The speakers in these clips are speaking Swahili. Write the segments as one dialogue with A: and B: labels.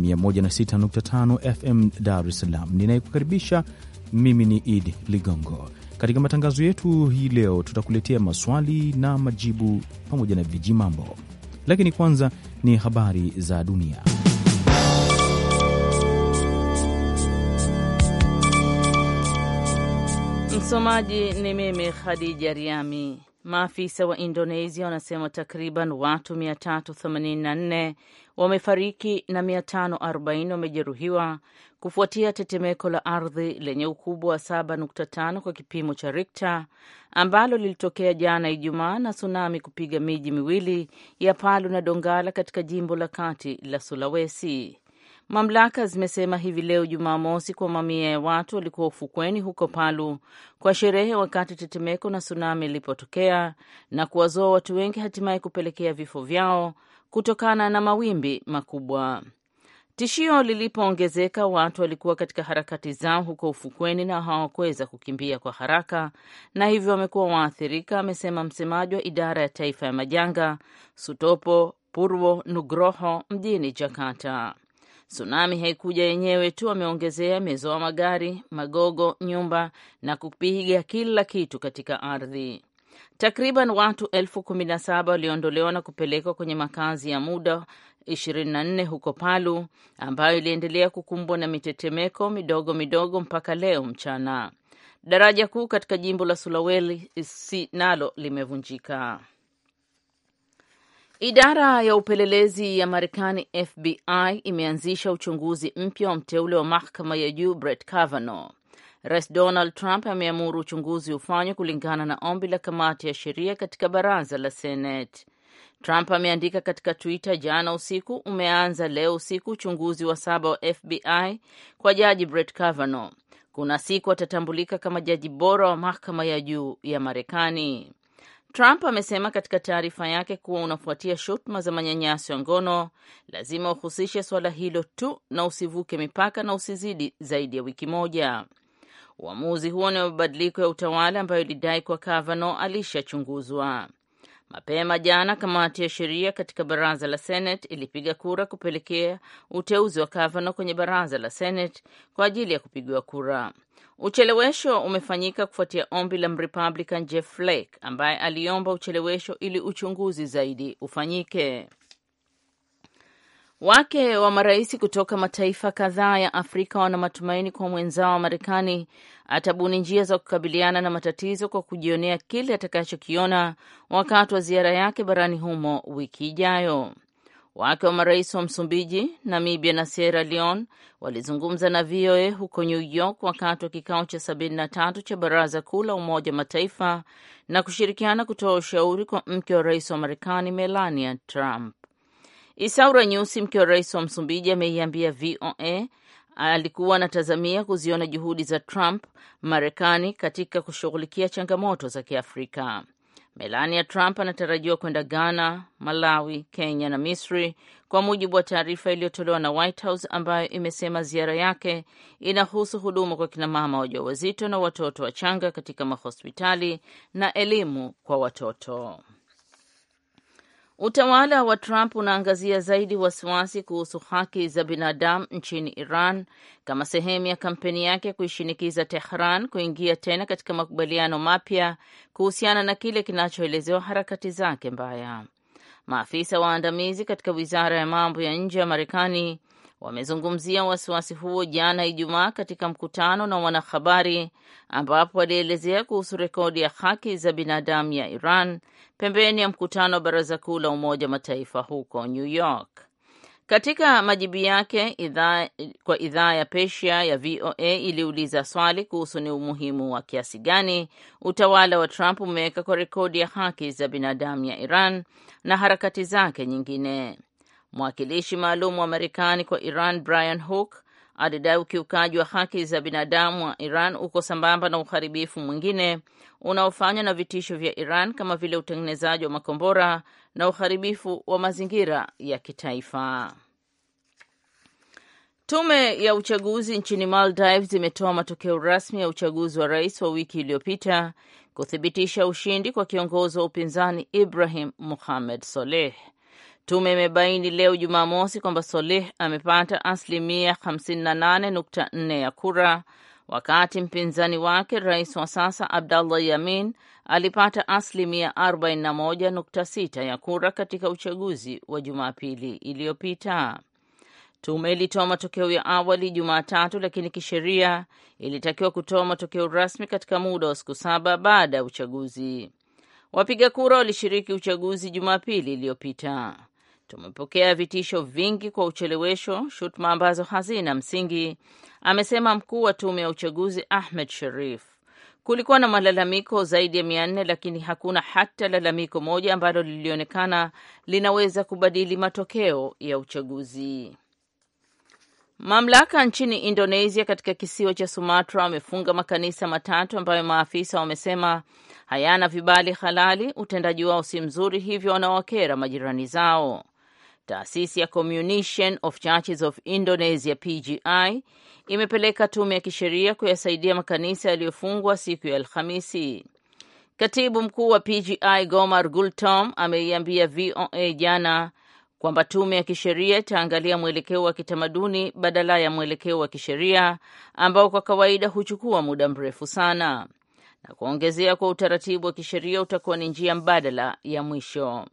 A: 106.5 FM Dar es Salaam. Ninayekukaribisha mimi ni Idi Ligongo. Katika matangazo yetu hii leo, tutakuletea maswali na majibu pamoja na viji mambo lakini kwanza ni habari za dunia.
B: Msomaji ni mimi Khadija Riami. Maafisa wa Indonesia wanasema takriban watu 384 wamefariki na 540 wamejeruhiwa kufuatia tetemeko la ardhi lenye ukubwa wa 7.5 kwa kipimo cha rikta ambalo lilitokea jana Ijumaa na tsunami kupiga miji miwili ya Palu na Dongala katika jimbo la kati la Sulawesi. Mamlaka zimesema hivi leo Jumamosi kwa mamia ya watu walikuwa ufukweni huko Palu kwa sherehe wakati tetemeko na tsunami ilipotokea na kuwazoa watu wengi, hatimaye kupelekea vifo vyao kutokana na mawimbi makubwa. Tishio lilipoongezeka, watu walikuwa katika harakati zao huko ufukweni na hawakuweza kukimbia kwa haraka, na hivyo wamekuwa waathirika, amesema msemaji wa idara ya taifa ya majanga Sutopo Purwo Nugroho mjini Jakarta. Tsunami haikuja yenyewe tu, ameongezea. imezoa magari, magogo, nyumba na kupiga kila kitu katika ardhi. Takriban watu elfu kumi na saba waliondolewa na kupelekwa kwenye makazi ya muda 24 huko Palu ambayo iliendelea kukumbwa na mitetemeko midogo midogo mpaka leo mchana. Daraja kuu katika jimbo la sulaweli si nalo limevunjika. Idara ya upelelezi ya Marekani FBI imeanzisha uchunguzi mpya wa mteule wa mahakama ya juu Brett Kavanaugh. Rais Donald Trump ameamuru uchunguzi ufanywe kulingana na ombi la kamati ya sheria katika baraza la Senate. Trump ameandika katika Twitter jana usiku, umeanza leo usiku uchunguzi wa saba wa FBI kwa jaji Brett Kavanaugh. Kuna siku atatambulika kama jaji bora wa mahakama ya juu ya Marekani. Trump amesema katika taarifa yake kuwa unafuatia shutuma za manyanyaso ya ngono, lazima uhusishe suala hilo tu na usivuke mipaka na usizidi zaidi ya wiki moja. Uamuzi huo ni mabadiliko ya utawala ambayo ilidai kuwa Kavanaugh alishachunguzwa. Mapema jana kamati ya sheria katika baraza la Senate ilipiga kura kupelekea uteuzi wa Kavanaugh kwenye baraza la Senate kwa ajili ya kupigiwa kura. Uchelewesho umefanyika kufuatia ombi la Mrepublican Jeff Flake ambaye aliomba uchelewesho ili uchunguzi zaidi ufanyike wake wa marais kutoka mataifa kadhaa ya Afrika wana matumaini kwa mwenzao wa Marekani atabuni njia za kukabiliana na matatizo kwa kujionea kile atakachokiona wakati wa ziara yake barani humo wiki ijayo. Wake wa marais wa Msumbiji, Namibia na Sierra Leone walizungumza na VOA huko New York wakati wa kikao cha 73 cha Baraza Kuu la Umoja wa Mataifa na kushirikiana kutoa ushauri kwa mke wa rais wa Marekani, Melania Trump. Isaura Nyusi, mke wa rais wa Msumbiji, ameiambia VOA alikuwa anatazamia kuziona juhudi za Trump Marekani katika kushughulikia changamoto za Kiafrika. Melania Trump anatarajiwa kwenda Ghana, Malawi, Kenya na Misri, kwa mujibu wa taarifa iliyotolewa na White House ambayo imesema ziara yake inahusu huduma kwa kinamama wajawazito na watoto wachanga katika mahospitali na elimu kwa watoto. Utawala wa Trump unaangazia zaidi wasiwasi kuhusu haki za binadamu nchini Iran kama sehemu ya kampeni yake kuishinikiza Tehran kuingia tena katika makubaliano mapya kuhusiana na kile kinachoelezewa harakati zake mbaya. Maafisa waandamizi katika wizara ya mambo ya nje ya Marekani wamezungumzia wasiwasi huo jana Ijumaa katika mkutano na wanahabari, ambapo walielezea kuhusu rekodi ya haki za binadamu ya Iran pembeni ya mkutano wa Baraza Kuu la Umoja Mataifa huko New York. Katika majibu yake idha, kwa idhaa ya Persia ya VOA iliuliza swali kuhusu ni umuhimu wa kiasi gani utawala wa Trump umeweka kwa rekodi ya haki za binadamu ya Iran na harakati zake nyingine. Mwakilishi maalum wa Marekani kwa Iran Brian Hook alidai ukiukaji wa haki za binadamu wa Iran uko sambamba na uharibifu mwingine unaofanywa na vitisho vya Iran kama vile utengenezaji wa makombora na uharibifu wa mazingira ya kitaifa. Tume ya uchaguzi nchini Maldives imetoa matokeo rasmi ya uchaguzi wa rais wa wiki iliyopita kuthibitisha ushindi kwa kiongozi wa upinzani Ibrahim muhammed Soleh. Tume imebaini leo Jumamosi kwamba Solih amepata asilimia 58.4 ya kura wakati mpinzani wake rais wa sasa Abdallah Yamin alipata asilimia 41.6 ya kura katika uchaguzi wa Jumapili iliyopita. Tume ilitoa matokeo ya awali Jumatatu, lakini kisheria ilitakiwa kutoa matokeo rasmi katika muda wa siku saba baada ya uchaguzi. Wapiga kura walishiriki uchaguzi Jumapili iliyopita tumepokea vitisho vingi kwa uchelewesho, shutuma ambazo hazina msingi, amesema mkuu wa tume ya uchaguzi Ahmed Sharif. Kulikuwa na malalamiko zaidi ya mia nne, lakini hakuna hata lalamiko moja ambalo lilionekana linaweza kubadili matokeo ya uchaguzi. Mamlaka nchini Indonesia katika kisiwa cha Sumatra wamefunga makanisa matatu ambayo maafisa wamesema hayana vibali halali. Utendaji wao si mzuri, hivyo wanawakera majirani zao. Taasisi ya Communion of Churches of Indonesia PGI imepeleka tume ya kisheria kuyasaidia makanisa yaliyofungwa siku ya Alhamisi. Katibu mkuu wa PGI Gomar Gultom ameiambia VOA jana kwamba tume ya kisheria itaangalia mwelekeo wa kitamaduni badala ya mwelekeo wa kisheria ambao kwa kawaida huchukua muda mrefu sana, na kuongezea kwa utaratibu wa kisheria utakuwa ni njia mbadala ya mwisho.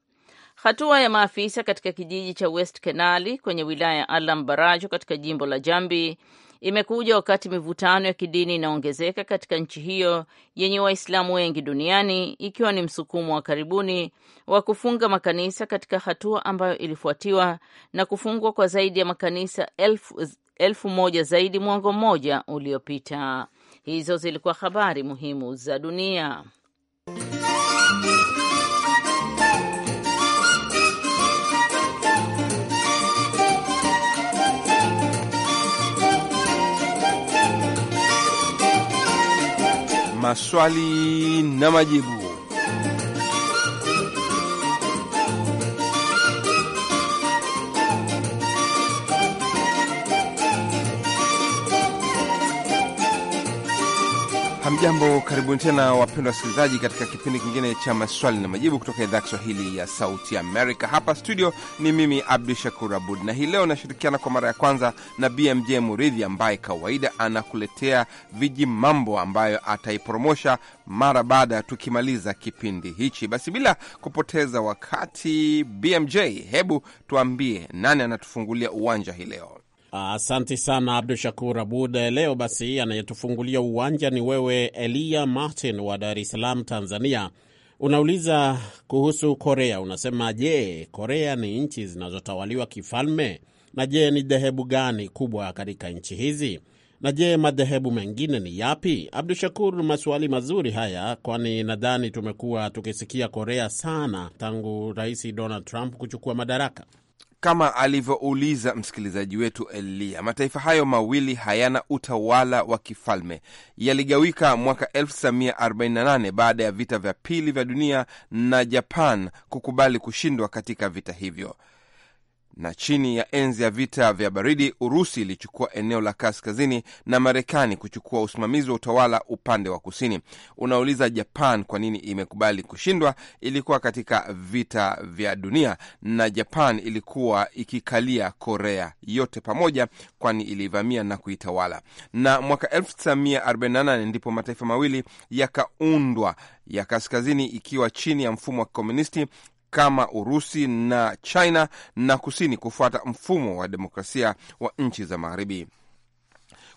B: Hatua ya maafisa katika kijiji cha West Kenali kwenye wilaya ya Alam Barajo katika jimbo la Jambi imekuja wakati mivutano ya kidini inaongezeka katika nchi hiyo yenye Waislamu wengi duniani, ikiwa ni msukumo wa karibuni wa kufunga makanisa katika hatua ambayo ilifuatiwa na kufungwa kwa zaidi ya makanisa elfu, elfu moja zaidi mwongo mmoja uliopita. Hizo zilikuwa habari muhimu za dunia.
C: maswali na majibu. Hamjambo, karibuni tena wapendwa wasikilizaji, katika kipindi kingine cha maswali na majibu kutoka idhaa ya Kiswahili ya Sauti Amerika. Hapa studio ni mimi Abdu Shakur Abud, na hii leo nashirikiana kwa mara ya kwanza na BMJ Muridhi ambaye kawaida anakuletea viji mambo ambayo ataipromosha mara baada ya tukimaliza kipindi hichi. Basi bila kupoteza wakati, BMJ, hebu tuambie nani anatufungulia uwanja hii leo? Asante
D: sana Abdu Shakur Abud. Leo basi, anayetufungulia uwanja ni wewe Elia Martin wa Dar es Salaam, Tanzania. Unauliza kuhusu Korea, unasema je, Korea ni nchi zinazotawaliwa kifalme? Na je, ni dhehebu gani kubwa katika nchi hizi? Na je, madhehebu mengine ni yapi? Abdu Shakur, maswali mazuri haya, kwani nadhani tumekuwa tukisikia Korea sana tangu Rais Donald Trump kuchukua madaraka
C: kama alivyouliza msikilizaji wetu Eliya, mataifa hayo mawili hayana utawala wa kifalme. Yaligawika mwaka 1948 baada ya vita vya pili vya dunia na Japan kukubali kushindwa katika vita hivyo na chini ya enzi ya vita vya baridi Urusi ilichukua eneo la kaskazini na Marekani kuchukua usimamizi wa utawala upande wa kusini. Unauliza, Japan kwa nini imekubali kushindwa? Ilikuwa katika vita vya dunia na Japan ilikuwa ikikalia Korea yote pamoja, kwani ilivamia na kuitawala. Na mwaka 1948 ndipo mataifa mawili yakaundwa ya kaskazini ikiwa chini ya mfumo wa kikomunisti kama Urusi na China na Kusini kufuata mfumo wa demokrasia wa nchi za Magharibi.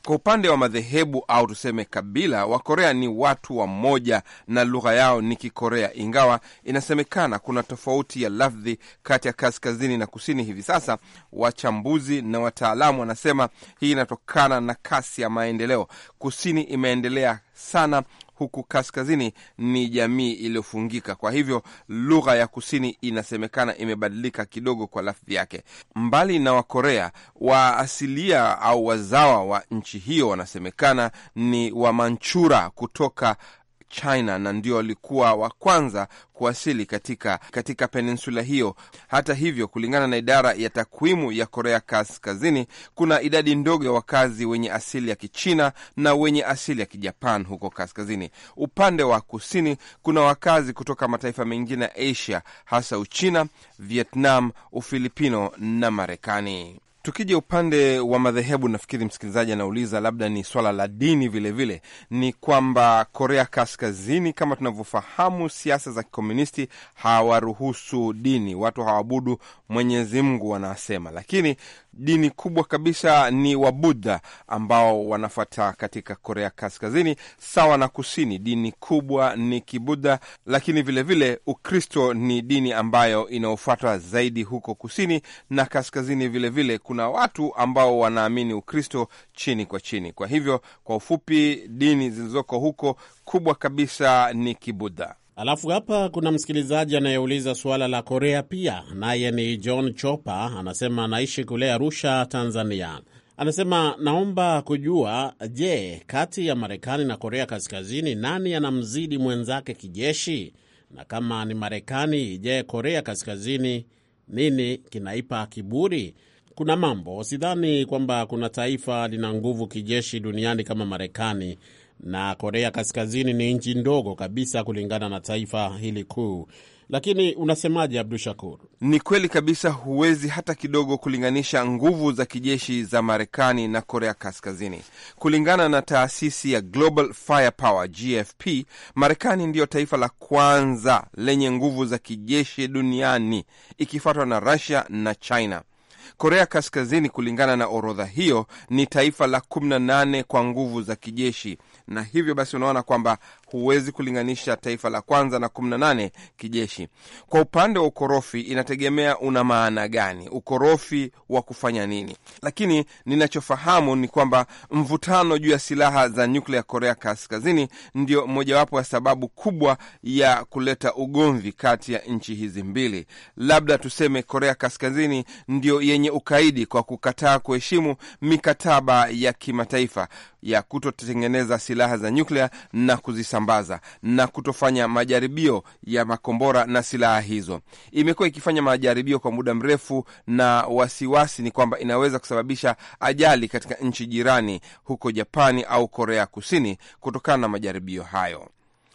C: Kwa upande wa madhehebu au tuseme kabila, Wakorea ni watu wa moja na lugha yao ni Kikorea, ingawa inasemekana kuna tofauti ya lafdhi kati ya kaskazini na kusini. Hivi sasa wachambuzi na wataalamu wanasema hii inatokana na kasi ya maendeleo. Kusini imeendelea sana huku kaskazini ni jamii iliyofungika. Kwa hivyo lugha ya kusini inasemekana imebadilika kidogo kwa lafdhi yake. Mbali na Wakorea waasilia au wazawa wa nchi hiyo, wanasemekana ni Wamanchura kutoka China na ndio walikuwa wa kwanza kuwasili katika, katika peninsula hiyo. Hata hivyo, kulingana na idara ya takwimu ya Korea Kaskazini, kuna idadi ndogo ya wakazi wenye asili ya Kichina na wenye asili ya Kijapan huko kaskazini. Upande wa kusini kuna wakazi kutoka mataifa mengine ya Asia, hasa Uchina, Vietnam, Ufilipino na Marekani. Tukija upande wa madhehebu, nafikiri msikilizaji anauliza labda ni swala la dini vilevile vile. Ni kwamba Korea Kaskazini kama tunavyofahamu, siasa za kikomunisti hawaruhusu dini, watu hawabudu Mwenyezi Mungu wanasema, lakini dini kubwa kabisa ni Wabudha ambao wanafuata katika Korea Kaskazini sawa na Kusini, dini kubwa ni Kibudha, lakini vilevile vile, Ukristo ni dini ambayo inaofuatwa zaidi huko Kusini na Kaskazini. Vilevile vile, kuna watu ambao wanaamini Ukristo chini kwa chini. Kwa hivyo, kwa ufupi, dini zilizoko huko kubwa kabisa ni Kibudha.
D: Alafu hapa kuna msikilizaji anayeuliza suala la Korea pia, naye ni John Chopa, anasema anaishi kule Arusha, Tanzania. Anasema naomba kujua, je, kati ya Marekani na Korea Kaskazini nani anamzidi mwenzake kijeshi? Na kama ni Marekani, je, Korea Kaskazini nini kinaipa kiburi? Kuna mambo, sidhani kwamba kuna taifa lina nguvu kijeshi duniani kama Marekani na Korea Kaskazini ni nchi ndogo kabisa kulingana na taifa
C: hili kuu. Lakini unasemaje, Abdu Shakur? Ni kweli kabisa, huwezi hata kidogo kulinganisha nguvu za kijeshi za Marekani na Korea Kaskazini. Kulingana na taasisi ya Global Firepower GFP, Marekani ndiyo taifa la kwanza lenye nguvu za kijeshi duniani ikifuatwa na Rusia na China. Korea Kaskazini, kulingana na orodha hiyo, ni taifa la 18 kwa nguvu za kijeshi na hivyo basi unaona kwamba huwezi kulinganisha taifa la kwanza na kumi na nane kijeshi. Kwa upande wa ukorofi, inategemea una maana gani, ukorofi wa kufanya nini. Lakini ninachofahamu ni kwamba mvutano juu ya silaha za nyuklia Korea Kaskazini ndio mojawapo ya sababu kubwa ya kuleta ugomvi kati ya nchi hizi mbili. Labda tuseme Korea Kaskazini ndio yenye ukaidi kwa kukataa kuheshimu mikataba ya kimataifa ya kutotengeneza silaha za nyuklia na kuzisambaa kusambaza na kutofanya majaribio ya makombora na silaha hizo. Imekuwa ikifanya majaribio kwa muda mrefu, na wasiwasi ni kwamba inaweza kusababisha ajali katika nchi jirani huko Japani au Korea Kusini kutokana na majaribio hayo.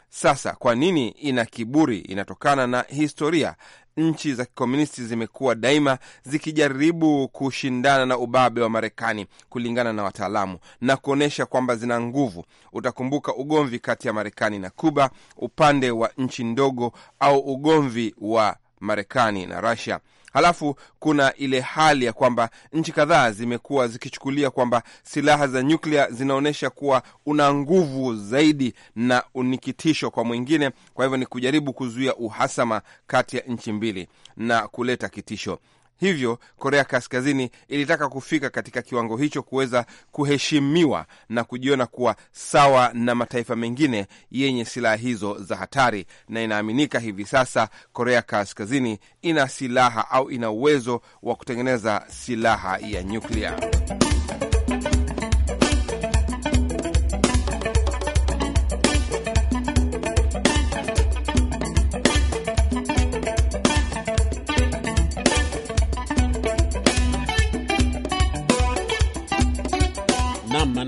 C: Sasa kwa nini ina kiburi? Inatokana na historia nchi za kikomunisti zimekuwa daima zikijaribu kushindana na ubabe wa Marekani kulingana na wataalamu na kuonyesha kwamba zina nguvu. Utakumbuka ugomvi kati ya Marekani na Kuba upande wa nchi ndogo, au ugomvi wa Marekani na Russia. Halafu kuna ile hali ya kwamba nchi kadhaa zimekuwa zikichukulia kwamba silaha za nyuklia zinaonyesha kuwa una nguvu zaidi na ni kitisho kwa mwingine. Kwa hivyo ni kujaribu kuzuia uhasama kati ya nchi mbili na kuleta kitisho. Hivyo Korea Kaskazini ilitaka kufika katika kiwango hicho kuweza kuheshimiwa na kujiona kuwa sawa na mataifa mengine yenye silaha hizo za hatari, na inaaminika hivi sasa Korea Kaskazini ina silaha au ina uwezo wa kutengeneza silaha ya nyuklia.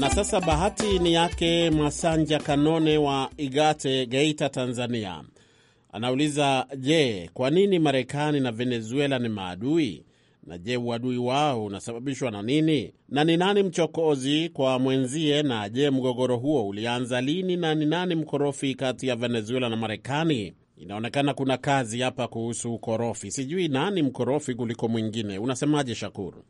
D: Na sasa bahati ni yake Masanja Kanone wa Igate, Geita, Tanzania. Anauliza, je, kwa nini Marekani na Venezuela ni maadui? Na je, uadui wao unasababishwa na nini? Na ni nani mchokozi kwa mwenzie? Na je, mgogoro huo ulianza lini? Na ni nani mkorofi kati ya Venezuela na Marekani? Inaonekana kuna kazi hapa kuhusu ukorofi. Sijui nani mkorofi kuliko mwingine. Unasemaje,
C: Shakuru?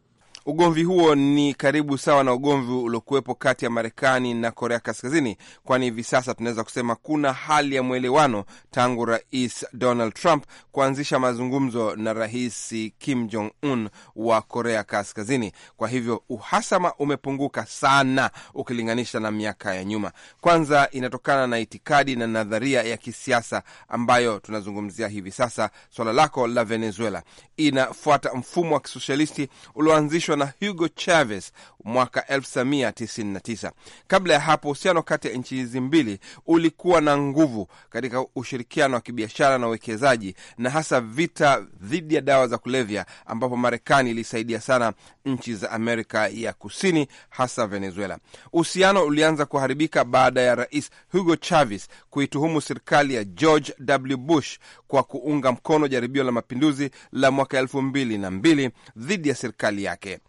C: Ugomvi huo ni karibu sawa na ugomvi uliokuwepo kati ya Marekani na Korea Kaskazini, kwani hivi sasa tunaweza kusema kuna hali ya mwelewano tangu Rais Donald Trump kuanzisha mazungumzo na Rais Kim Jong Un wa Korea Kaskazini. Kwa hivyo uhasama umepunguka sana ukilinganisha na miaka ya nyuma. Kwanza inatokana na itikadi na nadharia ya kisiasa ambayo tunazungumzia hivi sasa. Swala lako la Venezuela inafuata mfumo wa kisosialisti ulioanzishwa ilianzishwa na Hugo Chavez mwaka 1999. Kabla ya hapo, uhusiano kati ya nchi hizi mbili ulikuwa na nguvu katika ushirikiano wa kibiashara na uwekezaji, na hasa vita dhidi ya dawa za kulevya, ambapo Marekani ilisaidia sana nchi za Amerika ya Kusini, hasa Venezuela. Uhusiano ulianza kuharibika baada ya Rais Hugo Chavez kuituhumu serikali ya George W. Bush kwa kuunga mkono jaribio la mapinduzi la mwaka elfu mbili na mbili dhidi ya serikali yake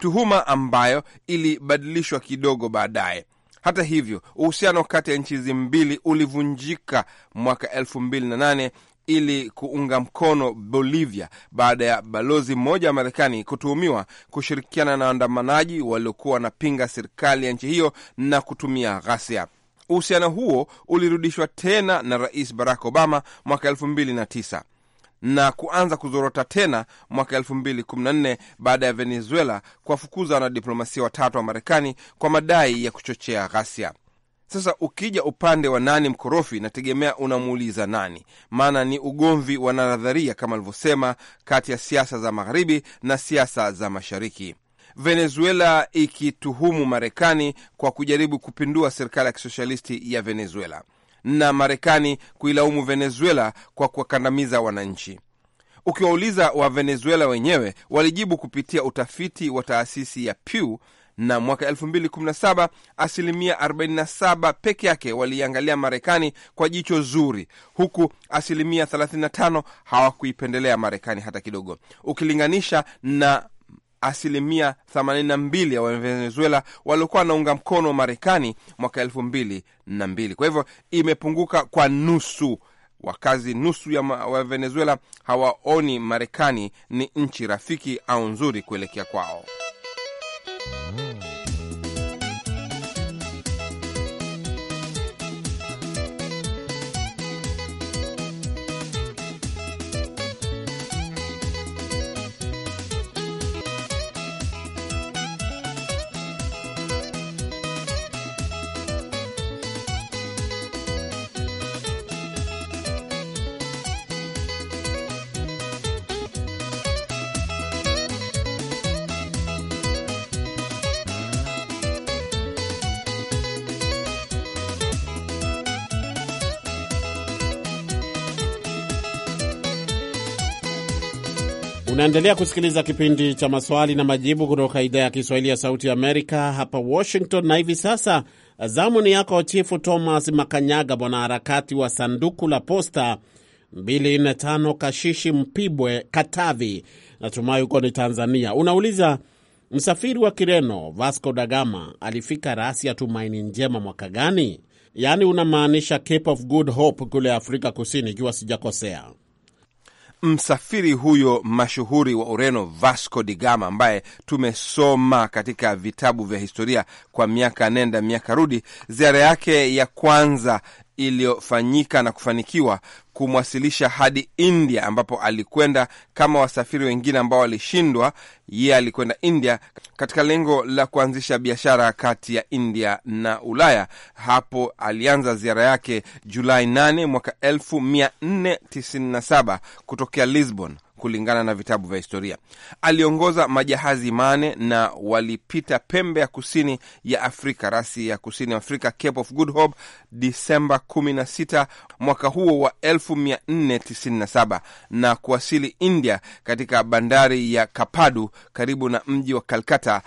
C: tuhuma ambayo ilibadilishwa kidogo baadaye. Hata hivyo, uhusiano kati ya nchi hizi mbili ulivunjika mwaka elfu mbili na nane ili kuunga mkono Bolivia baada ya balozi mmoja wa Marekani kutuhumiwa kushirikiana na waandamanaji waliokuwa wanapinga serikali ya nchi hiyo na kutumia ghasia. Uhusiano huo ulirudishwa tena na Rais Barack Obama mwaka elfu mbili na tisa na kuanza kuzorota tena mwaka 2014 baada ya Venezuela kuwafukuza wanadiplomasia watatu wa Marekani kwa madai ya kuchochea ghasia. Sasa ukija upande wa nani mkorofi, inategemea unamuuliza nani, maana ni ugomvi wa nadharia kama alivyosema, kati ya siasa za magharibi na siasa za mashariki. Venezuela ikituhumu Marekani kwa kujaribu kupindua serikali ya kisoshalisti ya Venezuela na Marekani kuilaumu Venezuela kwa kuwakandamiza wananchi. Ukiwauliza wa Venezuela wenyewe walijibu kupitia utafiti wa taasisi ya Pew na mwaka 2017 asilimia 47 peke yake waliiangalia Marekani kwa jicho zuri, huku asilimia 35 hawakuipendelea Marekani hata kidogo, ukilinganisha na asilimia 82 ya Wavenezuela waliokuwa wanaunga mkono wa Marekani mwaka elfu mbili na mbili. Kwa hivyo imepunguka kwa nusu. Wakazi nusu ya wavenezuela hawaoni Marekani ni nchi rafiki au nzuri kuelekea kwao.
D: Unaendelea kusikiliza kipindi cha maswali na majibu kutoka idhaa ya Kiswahili ya Sauti ya Amerika hapa Washington, na hivi sasa zamu ni yako Chifu Thomas Makanyaga, mwanaharakati wa sanduku la posta 245 Kashishi Mpibwe, Katavi, natumai huko ni Tanzania. Unauliza, msafiri wa Kireno Vasco da Gama alifika rasi ya Tumaini Njema mwaka gani? Yaani unamaanisha Cape of Good Hope kule Afrika Kusini, ikiwa
C: sijakosea msafiri huyo mashuhuri wa Ureno Vasco da Gama, ambaye tumesoma katika vitabu vya historia kwa miaka nenda miaka rudi. Ziara yake ya kwanza iliyofanyika na kufanikiwa kumwasilisha hadi India, ambapo alikwenda kama wasafiri wengine ambao walishindwa. Yeye alikwenda India katika lengo la kuanzisha biashara kati ya India na Ulaya. Hapo alianza ziara yake Julai 8 mwaka 1497 kutokea Lisbon kulingana na vitabu vya historia. Aliongoza majahazi mane na walipita pembe ya kusini ya Afrika, rasi ya kusini Afrika, Cape of Good Hope, Disemba 16 mwaka huo wa 1497 na kuwasili India katika bandari ya Kapadu karibu na mji wa Kalkata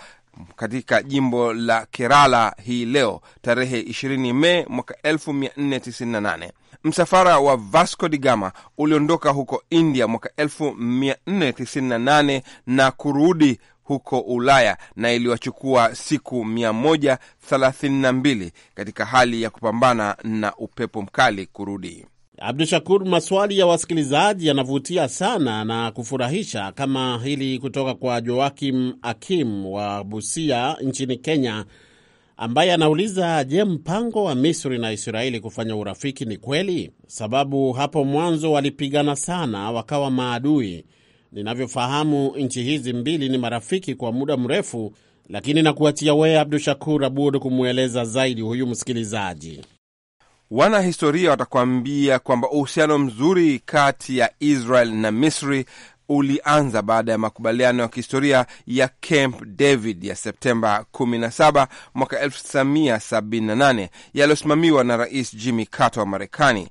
C: katika jimbo la Kerala hii leo tarehe 20 Mei mwaka 1498. Msafara wa Vasco da Gama uliondoka huko India mwaka 1498 na kurudi huko Ulaya na iliwachukua siku 132 katika hali ya kupambana na upepo mkali kurudi. Abdu Shakur, maswali
D: ya wasikilizaji yanavutia sana na kufurahisha kama hili kutoka kwa Joakim Akim wa Busia nchini Kenya, ambaye anauliza je, mpango wa Misri na Israeli kufanya urafiki ni kweli? Sababu hapo mwanzo walipigana sana, wakawa maadui. Ninavyofahamu nchi hizi mbili ni marafiki kwa muda mrefu, lakini nakuachia wewe Abdu Shakur Abud kumweleza zaidi
C: huyu msikilizaji. Wanahistoria watakuambia kwamba uhusiano mzuri kati ya Israel na Misri ulianza baada ya makubaliano ya kihistoria ya Camp David ya Septemba 17 mwaka 1978 yaliyosimamiwa na Rais Jimmy Carter wa Marekani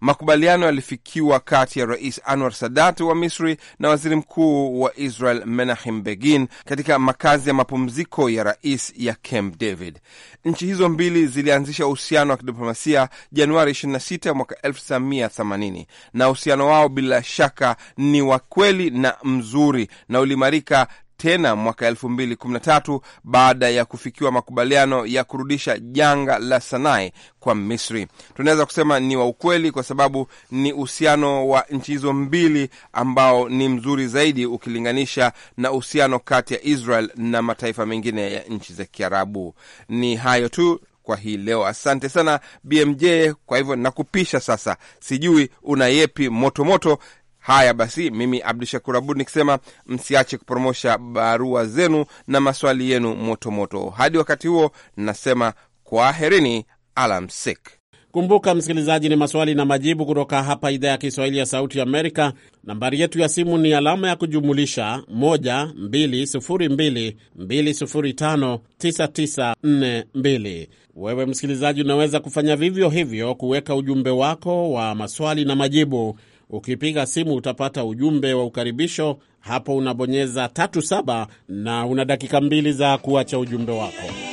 C: Makubaliano yalifikiwa kati ya Rais Anwar Sadat wa Misri na waziri mkuu wa Israel Menachem Begin katika makazi ya mapumziko ya rais ya Camp David. Nchi hizo mbili zilianzisha uhusiano wa kidiplomasia Januari 26 mwaka 1980 na uhusiano wao bila shaka ni wa kweli na mzuri na uliimarika tena mwaka 2013 baada ya kufikiwa makubaliano ya kurudisha janga la sanae kwa Misri. Tunaweza kusema ni wa ukweli, kwa sababu ni uhusiano wa nchi hizo mbili ambao ni mzuri zaidi ukilinganisha na uhusiano kati ya Israel na mataifa mengine ya nchi za Kiarabu. Ni hayo tu kwa hii leo. Asante sana BMJ. Kwa hivyo nakupisha sasa, sijui una yepi motomoto Haya basi, mimi Abdu Shakur Abud nikisema msiache kupromosha barua zenu na maswali yenu motomoto moto. Hadi wakati huo nasema kwaherini, alamsik. Kumbuka msikilizaji, ni maswali na majibu kutoka hapa idhaa ya
D: Kiswahili ya Sauti Amerika. Nambari yetu ya simu ni alama ya kujumulisha 12022059942. Wewe msikilizaji, unaweza kufanya vivyo hivyo kuweka ujumbe wako wa maswali na majibu Ukipiga simu utapata ujumbe wa ukaribisho. Hapo unabonyeza tatu saba na una dakika mbili za kuacha ujumbe wako.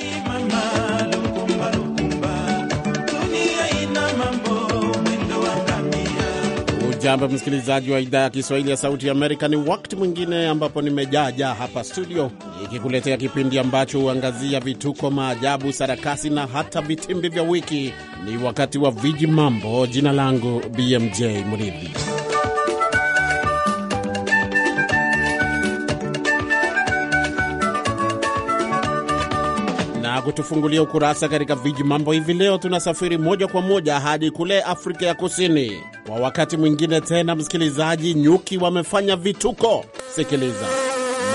D: Hujambo msikilizaji wa idhaa ya Kiswahili ya Sauti Amerika. Ni wakati mwingine ambapo nimejaajaa hapa studio ikikuletea kipindi ambacho huangazia vituko, maajabu, sarakasi na hata vitimbi vya wiki. Ni wakati wa viji mambo. Jina langu BMJ Mridhi. kutufungulia ukurasa katika viji mambo hivi leo, tunasafiri moja kwa moja hadi kule Afrika ya Kusini. Kwa wakati mwingine tena, msikilizaji, nyuki wamefanya vituko. Sikiliza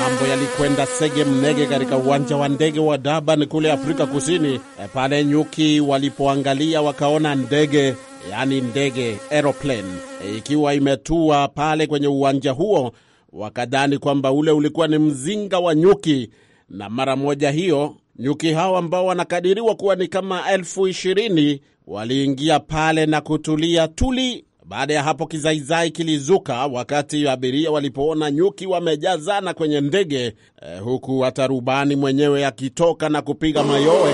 D: mambo yalikwenda sege mnege katika uwanja wa ndege wa Durban kule Afrika Kusini. E, pale nyuki walipoangalia wakaona ndege yaani ndege aeroplane e, ikiwa imetua pale kwenye uwanja huo, wakadhani kwamba ule ulikuwa ni mzinga wa nyuki, na mara moja hiyo Nyuki hao ambao wanakadiriwa kuwa ni kama elfu ishirini waliingia pale na kutulia tuli. Baada ya hapo, kizaizai kilizuka wakati abiria walipoona nyuki wamejazana kwenye ndege eh, huku hata rubani mwenyewe akitoka na kupiga mayowe.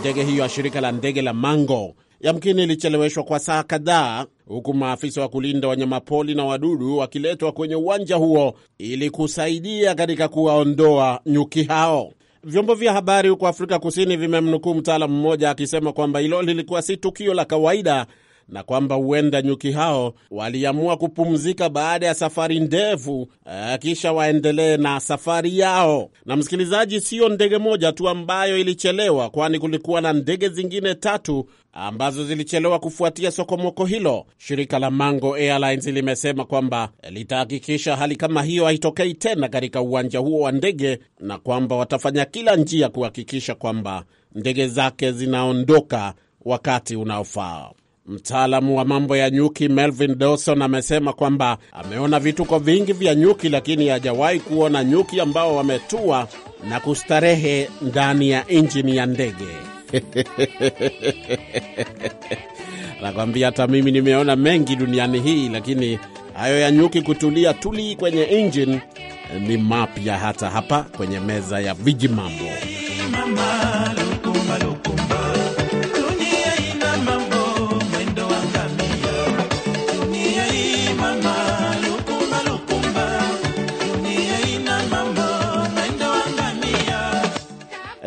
D: Ndege hiyo ya shirika la ndege la Mango yamkini ilicheleweshwa kwa saa kadhaa huku maafisa wa kulinda wanyamapoli na wadudu wakiletwa kwenye uwanja huo ili kusaidia katika kuwaondoa nyuki hao. Vyombo vya habari huko Afrika Kusini vimemnukuu mtaalamu mmoja akisema kwamba hilo lilikuwa si tukio la kawaida na kwamba huenda nyuki hao waliamua kupumzika baada ya safari ndefu eh, kisha waendelee na safari yao. Na msikilizaji, siyo ndege moja tu ambayo ilichelewa, kwani kulikuwa na ndege zingine tatu ambazo zilichelewa kufuatia sokomoko hilo. Shirika la Mango Airlines limesema kwamba litahakikisha hali kama hiyo haitokei tena katika uwanja huo wa ndege na kwamba watafanya kila njia kuhakikisha kwamba ndege zake zinaondoka wakati unaofaa. Mtaalamu wa mambo ya nyuki Melvin Dawson amesema kwamba ameona vituko vingi vya nyuki, lakini hajawahi kuona nyuki ambao wametua na kustarehe ndani ya injini ya ndege. Nakwambia hata mimi nimeona mengi duniani hii, lakini hayo ya nyuki kutulia tuli kwenye injini ni mapya hata hapa kwenye meza ya vijimambo.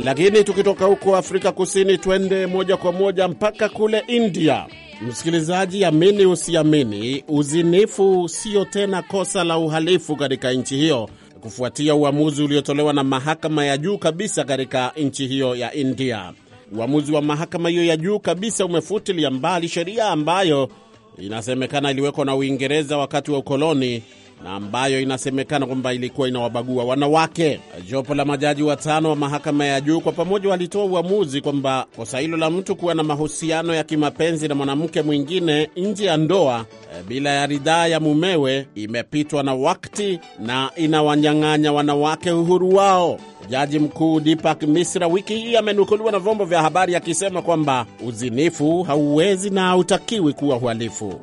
D: Lakini tukitoka huko Afrika Kusini, twende moja kwa moja mpaka kule India. Msikilizaji, amini usiamini, uzinifu sio tena kosa la uhalifu katika nchi hiyo kufuatia uamuzi uliotolewa na mahakama ya juu kabisa katika nchi hiyo ya India. Uamuzi wa mahakama hiyo ya juu kabisa umefutilia mbali sheria ambayo inasemekana iliwekwa na Uingereza wakati wa ukoloni na ambayo inasemekana kwamba ilikuwa inawabagua wanawake. Jopo la majaji watano wa mahakama ya juu kwa pamoja walitoa uamuzi kwamba kosa hilo la mtu kuwa na mahusiano ya kimapenzi na mwanamke mwingine nje ya ndoa eh, bila ya ridhaa ya mumewe imepitwa na wakati na inawanyang'anya wanawake uhuru wao. Jaji mkuu dipak Misra wiki hii amenukuliwa na vyombo vya habari akisema kwamba uzinifu hauwezi na hautakiwi kuwa uhalifu.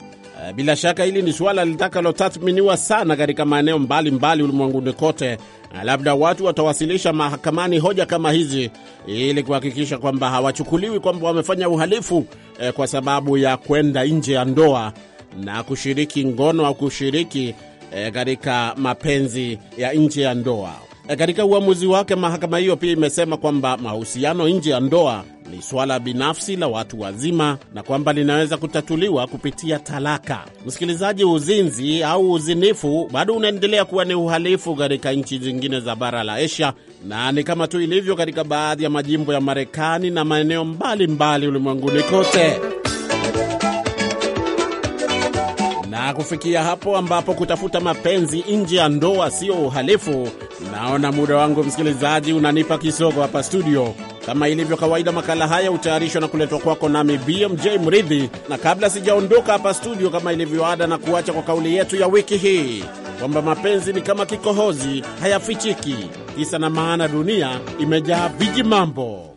D: Eh, bila shaka hili ni suala litakalotathminiwa sana katika maeneo mbalimbali ulimwenguni kote. Eh, labda watu watawasilisha mahakamani hoja kama hizi ili kuhakikisha kwamba hawachukuliwi kwamba wamefanya uhalifu eh, kwa sababu ya kwenda nje ya ndoa na kushiriki ngono au kushiriki eh, katika mapenzi ya nje ya ndoa. Eh, katika uamuzi wake mahakama hiyo pia imesema kwamba mahusiano nje ya ndoa ni swala binafsi la watu wazima na kwamba linaweza kutatuliwa kupitia talaka. Msikilizaji, uzinzi au uzinifu bado unaendelea kuwa ni uhalifu katika nchi zingine za bara la Asia na ni kama tu ilivyo katika baadhi ya majimbo ya Marekani na maeneo mbalimbali ulimwenguni kote. Na kufikia hapo ambapo kutafuta mapenzi nje ya ndoa sio uhalifu, naona muda wangu msikilizaji unanipa kisogo hapa studio. Kama ilivyo kawaida, makala haya hutayarishwa na kuletwa kwako nami BMJ Mridhi, na kabla sijaondoka hapa studio, kama ilivyo ada, na kuacha kwa kauli yetu ya wiki hii kwamba mapenzi ni kama kikohozi, hayafichiki. Kisa na maana, dunia imejaa viji mambo.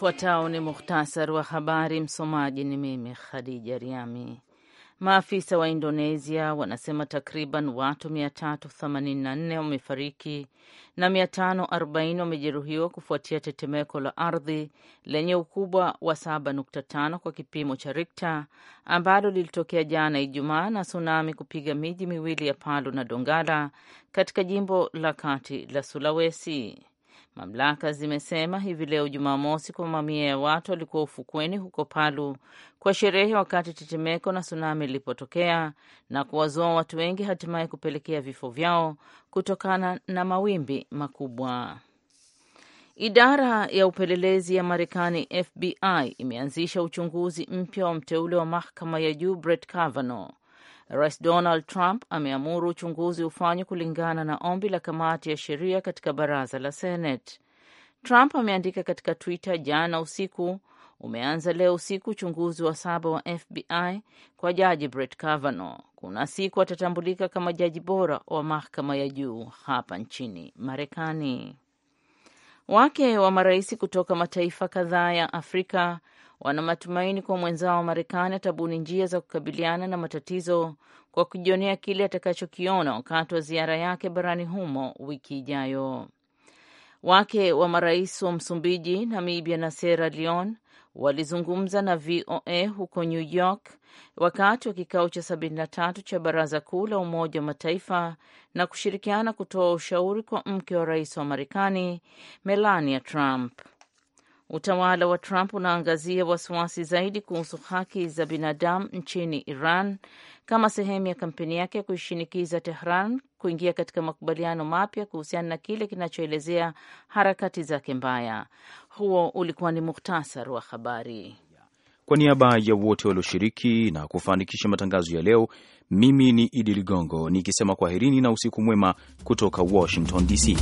B: Ufuatao ni muhtasari wa habari. Msomaji ni mimi Khadija Riami. Maafisa wa Indonesia wanasema takriban watu 384 wamefariki na 540 wamejeruhiwa kufuatia tetemeko la ardhi lenye ukubwa wa 7.5 kwa kipimo cha Rikta ambalo lilitokea jana Ijumaa na tsunami kupiga miji miwili ya Palu na dongala katika jimbo la kati la Sulawesi. Mamlaka zimesema hivi leo Jumamosi kwa mamia ya watu walikuwa ufukweni huko Palu kwa sherehe wakati tetemeko na tsunami lilipotokea na kuwazoa watu wengi, hatimaye kupelekea vifo vyao kutokana na mawimbi makubwa. Idara ya upelelezi ya Marekani FBI imeanzisha uchunguzi mpya wa mteule wa mahakama ya juu Brett Kavanaugh Rais Donald Trump ameamuru uchunguzi ufanywe kulingana na ombi la kamati ya sheria katika baraza la Senate. Trump ameandika katika Twitter jana usiku, umeanza leo usiku uchunguzi wa saba wa FBI kwa jaji Brett Kavanaugh. Kuna siku atatambulika kama jaji bora wa mahakama ya juu hapa nchini Marekani. Wake wa marais kutoka mataifa kadhaa ya Afrika wana matumaini kuwa mwenzao wa Marekani atabuni njia za kukabiliana na matatizo kwa kujionea kile atakachokiona wakati wa ziara yake barani humo wiki ijayo. Wake wa marais wa Msumbiji, Namibia na Sierra Leone walizungumza na VOA huko New York wakati wa kikao cha 73 cha Baraza Kuu la Umoja wa Mataifa na kushirikiana kutoa ushauri kwa mke wa rais wa Marekani, Melania Trump. Utawala wa Trump unaangazia wasiwasi zaidi kuhusu haki za binadamu nchini Iran kama sehemu ya kampeni yake ya kuishinikiza Tehran kuingia katika makubaliano mapya kuhusiana na kile kinachoelezea harakati zake mbaya. Huo ulikuwa ni muhtasar wa habari.
A: Kwa niaba ya wote walioshiriki na kufanikisha matangazo ya leo, mimi ni Idi Ligongo nikisema kwaherini na usiku mwema kutoka Washington DC.